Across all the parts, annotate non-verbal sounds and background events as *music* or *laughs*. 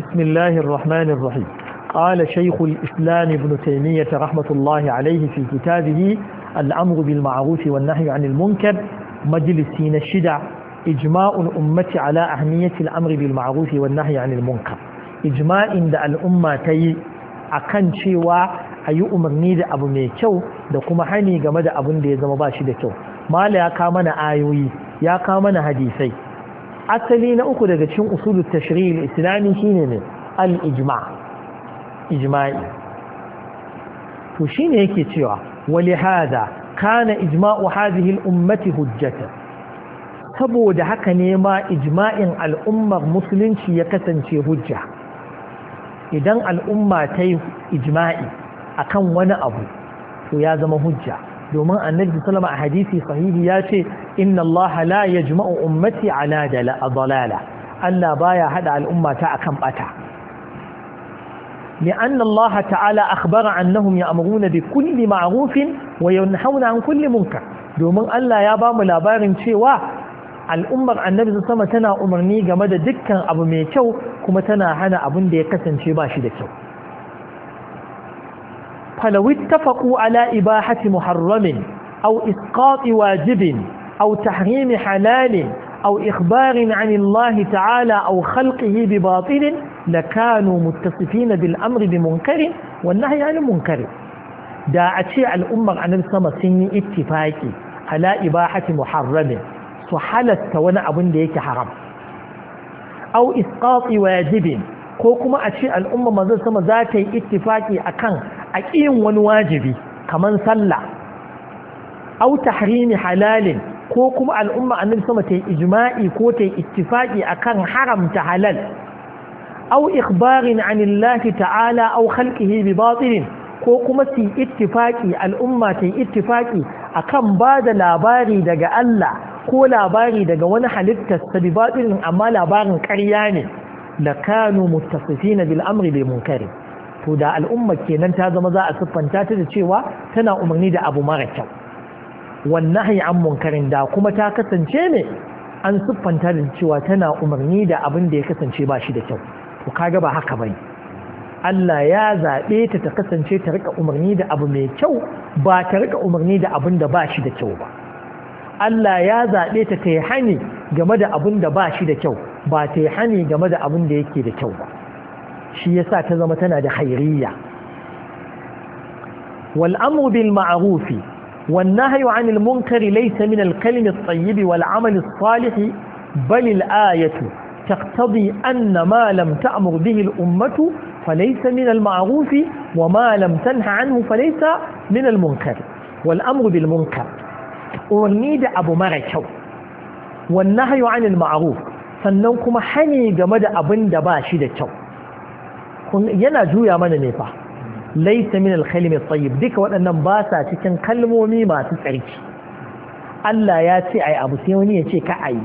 بسم الله الرحمن الرحيم قال شيخ الإسلام ابن تيمية رحمة الله عليه في كتابه الأمر بالمعروف والنهي عن المنكر مجلسين الشدع إجماع الأمة على أهمية الأمر بالمعروف والنهي عن المنكر إجماع عند الأمة تي أكن شيوا أي أمرني دا أبو ميكو دا كما حيني قمد أبو دي زمباشي دا كو ما لا يا كامنا آيوي يا كامنا حديثي asali na uku daga cikin usulun tashri'il islami shine ne al-ijma' ijma'i to shine yake cewa ولهذا كان إجماع هذه ummati hujjata saboda haka ne ma ijma'in al'ummar musulunci ya kasance hujja idan al'umma ta yi ijma'i akan wani abu to ya zama hujja domin annabi sallama a hadisi sahihi ya ce inna Allah la yajma'u ummati ala dalala Allah baya hada al'umma ta akan bata لأن الله تعالى أخبر أنهم يأمرون ma'arufin, معروف وينهون عن كل منكر domin Allah ya bamu labarin cewa al'ummar annabi sama tana umarni game da dukkan abu mai kyau kuma tana hana abun da ya kasance ba shi da kyau. Falawi tafaku ala ibahati muharramin, au isqati wajibin أو تحريم حلال أو إخبار عن الله تعالى أو خلقه بباطل لكانوا متصفين بالأمر بمنكر والنهي عن المنكر دا أتشيع الأمة عن السماء سنة اتفاقي على إباحة محرم سحلت وانا أبن ديك حرام أو إسقاط واجب كوكما أتشيع الأمة ما زال سما ذاتي اتفاقي أكان أكين وان واجبي كمان صلى أو تحريم حلال ko kuma al'umma annabi sama ta yi ijma'i ko ta yi ittifaqi akan haramta halal aw ikhbarin anillahi ta'ala aw khalqihi bi batilin ko kuma su yi ittifaqi al'umma ta yi ittifaqi akan ba da labari daga Allah ko labari daga wani halittar sa bi batilin amma labarin ƙarya ne la kanu muttasifina bil amri bil munkari to da al'umma kenan ta zama za a siffanta ta da cewa tana umarni da abu mara kyau wannan an munkarin da kuma ta kasance ne an siffanta da cewa tana umarni da abin da ya kasance ba shi da kyau to kaga ba haka bane Allah ya zaɓe ta ta kasance ta rika umarni da abu mai kyau ba ta rika umarni da abin da ba shi da kyau ba Allah ya zaɓe ta ta yi hani game da abin da ba shi da kyau ba ta yi hani game da abin da yake da kyau ba shi yasa ta zama tana da hairiya wal amru bil ma'rufi والنهي عن المنكر ليس من الكلم الطيب والعمل الصالح بل الآية تقتضي أن ما لم تأمر به الأمة فليس من المعروف وما لم تنه عنه فليس من المنكر والأمر بالمنكر ونيد أبو مركو والنهي عن المعروف sannan kuma hani game da abin da ba shi da kyau yana juya mana ne fa laisa min alkalmi tsayib duka waɗannan ba sa cikin kalmomi masu tsarki Allah ya ce ai abu sai wani ya ce ka ayi,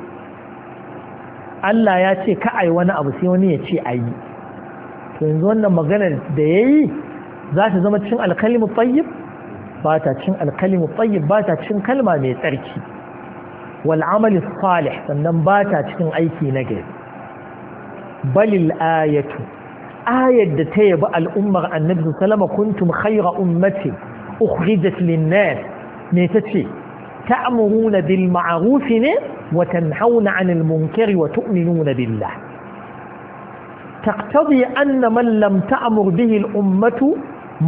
Allah ya ce ka ayi wani abu sai wani ya ce ayi, to yanzu wannan maganar da ya yi za ta zama cikin alkalmi tsayib ba ta cikin alkalmi tsayib ba ta cikin kalma mai tsarki wal'amali amali salih sannan ba ta cikin aiki na gari balil ayatu ayar da ta yabi al'ummar annabi sallama kuntum khayra ummati ukhrijat lin me tace ta'muruna bil ma'ruf ne wa tanhauna 'anil munkari wa tu'minuna billah taqtadi anna man lam ta'mur bihi al-ummatu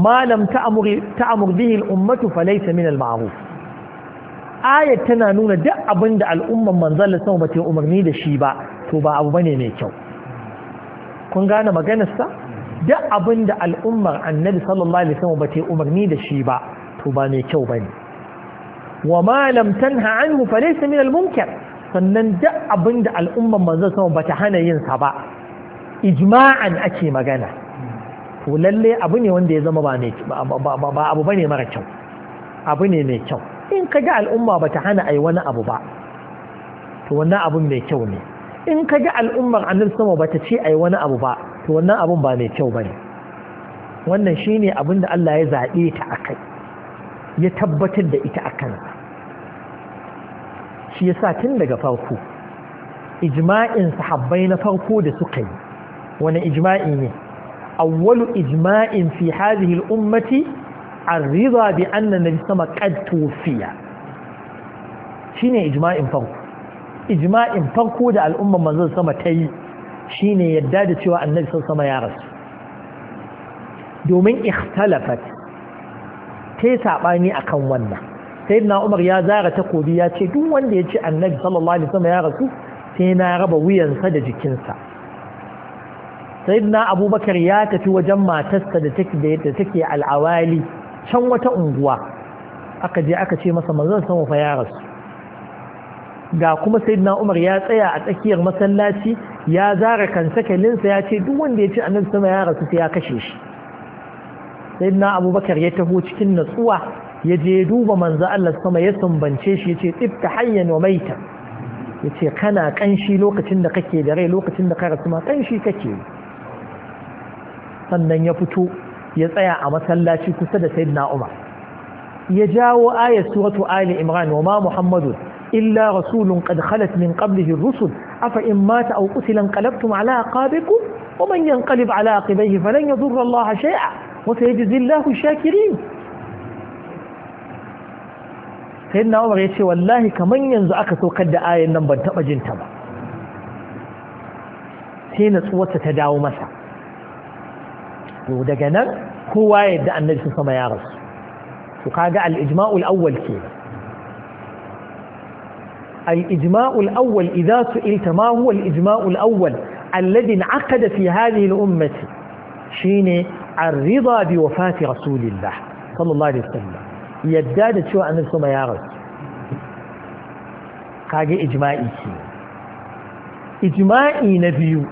ma lam ta'mur ta'mur bihi al-ummatu min al-ma'ruf tana nuna duk abinda al'ummar manzon Allah ta bata umarni da shi ba to ba abu bane mai kyau kun gane maganarsa duk abin da al'ummar annabi sallallahu alaihi wasallam bata umarni da shi ba to ba mai kyau bane wa ma lam tanha anhu fa laysa min al munkar sannan duk abin da al'ummar manzon sama bata hana yin sa ba ijma'an ake magana to lalle abu ne wanda ya zama ba mai ba abu bane mara kyau abu ne mai kyau in kaga al'umma bata hana ai wani abu ba to wannan abun mai kyau ne in ka ga al'ummar annabi sama ba ta ce ai wani abu ba to wannan abun ba mai kyau ne. wannan shine abin da Allah ya zaɓe ta kai, ya tabbatar da ita akan shi sa tun daga farko ijma'in sahabbai na farko da suka yi wani ijma'i ne awwalu ijma'in fi hadhihi al-ummati ar-ridha bi anna sama qad tufiya shine ijma'in farko ijma'in farko da al'umman manzon sama ta yi shine yadda da cewa annabi sun sama ya rasu domin ikhtalafat ta yi saɓani a kan wannan sai na umar ya zara takobi ya ce duk wanda ya ce annabi sallallahu alaihi ya rasu sai na raba wuyansa da jikinsa sai na abubakar ya tafi wajen matarsa da take da take al'awali can wata unguwa aka je aka ce masa manzon sama fa ya rasu ga kuma sayyidina umar ya tsaya a tsakiyar masallaci ya zara kansa kalinsa ya ce duk wanda ya ci nan sama ya rasu sai ya kashe shi sayyidina abubakar ya taho cikin natsuwa ya je duba manzo Allah sama ya sumbance shi ya ce tsibta hayyan wa maita ya ce kana kanshi lokacin da kake da rai lokacin da ka rasu ma kanshi kake sannan ya fito ya tsaya a masallaci kusa da sayyidina umar ya jawo ayat suratu ali imran wa ma muhammadun إلا رسول قد خلت من قبله الرسل أفإن مات أو قتل انقلبتم على أعقابكم ومن ينقلب على عقبيه فلن يضر الله شيئا وسيجزي الله الشاكرين سيدنا عمر يقول والله كمن ينزو أكثر قد آية نمبر تبجن تبا سينا صوت تداو مسا ودقنا هو وايد أن نجلس ما يارس وقال الإجماع الأول كينا الإجماع الأول إذا سئلت ما هو الإجماع الأول الذي انعقد في هذه الأمة شين الرضا بوفاة رسول الله صلى الله عليه وسلم يداد شو عن السماء يا رسول kage إجماعي شين إجماعي نبي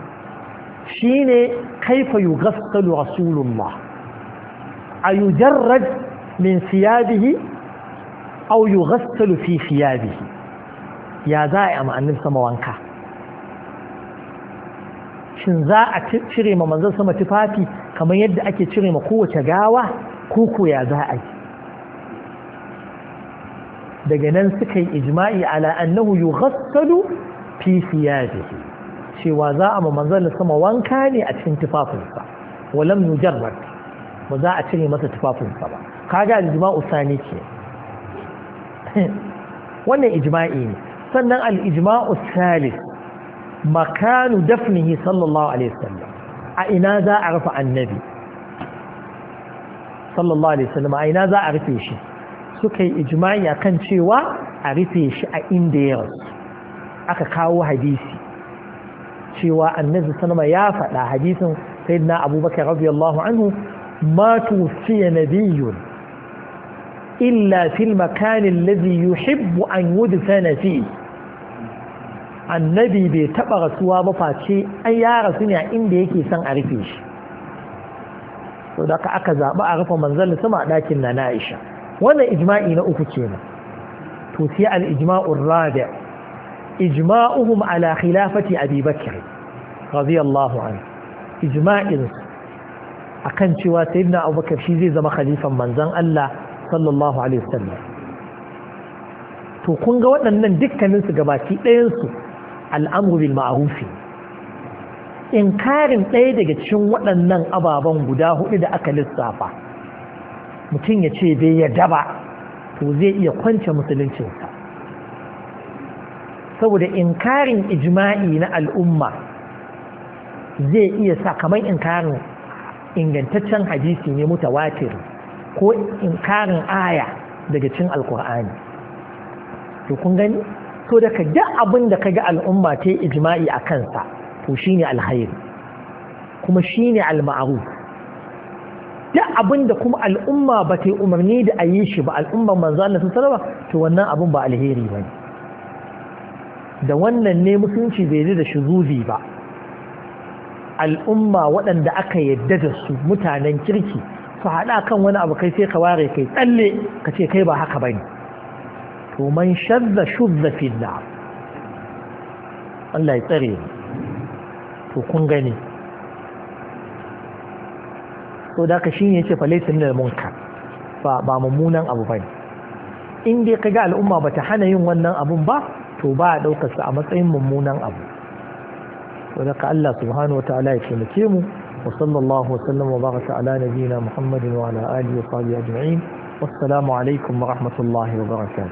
شين كيف يغسل رسول الله أيجرد من ثيابه أو يغسل في ثيابه ya za a yi ma'anin sama wanka shin za a cire ma manzan sama tufafi kamar yadda ake cire ma kowace gawa koko ya za a yi daga nan suka yi ijma'i ala annahu yughassalu fi thiyabihi cewa za a ma manzan sama wanka ne a cikin tufafinsa walam yujarrad ba za a cire masa tufafinsa ba kaga ijma'u sani ke *laughs* wannan ijma'i ne sannan al'ijma'u salis makanu dafnihi sallallahu alaihi wasallam a ina za a rufe annabi sallallahu alaihi wasallam a ina za a rufe shi suka yi ijma'i akan cewa a rufe shi a inda ya rasu aka kawo hadisi cewa annabi sallama ya faɗa hadisin sayyidina abubakar radiyallahu anhu ma tuwfiya nabiyyun إلا في المكان الذي يحب أن يدفن فيه annabi bai taɓa rasuwa ba face an ya rasu ne a inda yake son a rufe shi sau da aka zaɓi a rufe manzan sama a ɗakin na na'isha wannan ijma'i na uku kenan to sai al-ijma'ur rabi' ijma'uhum ala khilafati abi bakr radiyallahu anhu ijma'in akan cewa sayyidina abubakar shi zai zama khalifan manzan Allah sallallahu alaihi wasallam to kun ga waɗannan dukkaninsu gabaki ɗayansu al'amru bil in karin ɗaya daga cikin waɗannan ababen guda hudu da aka lissafa mutum ya ce bai ya ba to zai iya kwance musuluncinsa saboda inkarin ijma'i na al'umma zai iya sa kamar inkarin ingantaccen hadisi ne mutawatir ko inkarin aya daga cin alkur'ani to kun gani so daga duk abin da ga al'umma ta yi ijma'i a kansa to shine alkhairi kuma shine al-ma'ruf duk abin da kuma al'umma ba ta yi umarni da a yi shi ba al'umma manzo Allah sun alaihi to wannan abin ba alheri ne da wannan ne musulunci bai da shuzuzi ba al'umma waɗanda aka yadda da su mutanen kirki su haɗa kan wani abu kai sai ka ware kai tsalle ka ce kai ba haka bane to man shadda shudda fi na'am Allah ya tsare to kun gani to da ka shine yace fa laysa min munkar ba ba mummunan abu bane in dai kaga al'umma bata hana yin wannan abun ba to ba a daukar a matsayin mummunan abu to da ka Allah subhanahu wataala ya taimake mu wa sallallahu wa sallam wa baraka ala nabiyyina Muhammadin wa ala alihi wa sahbihi ajma'in wassalamu alaikum wa rahmatullahi wa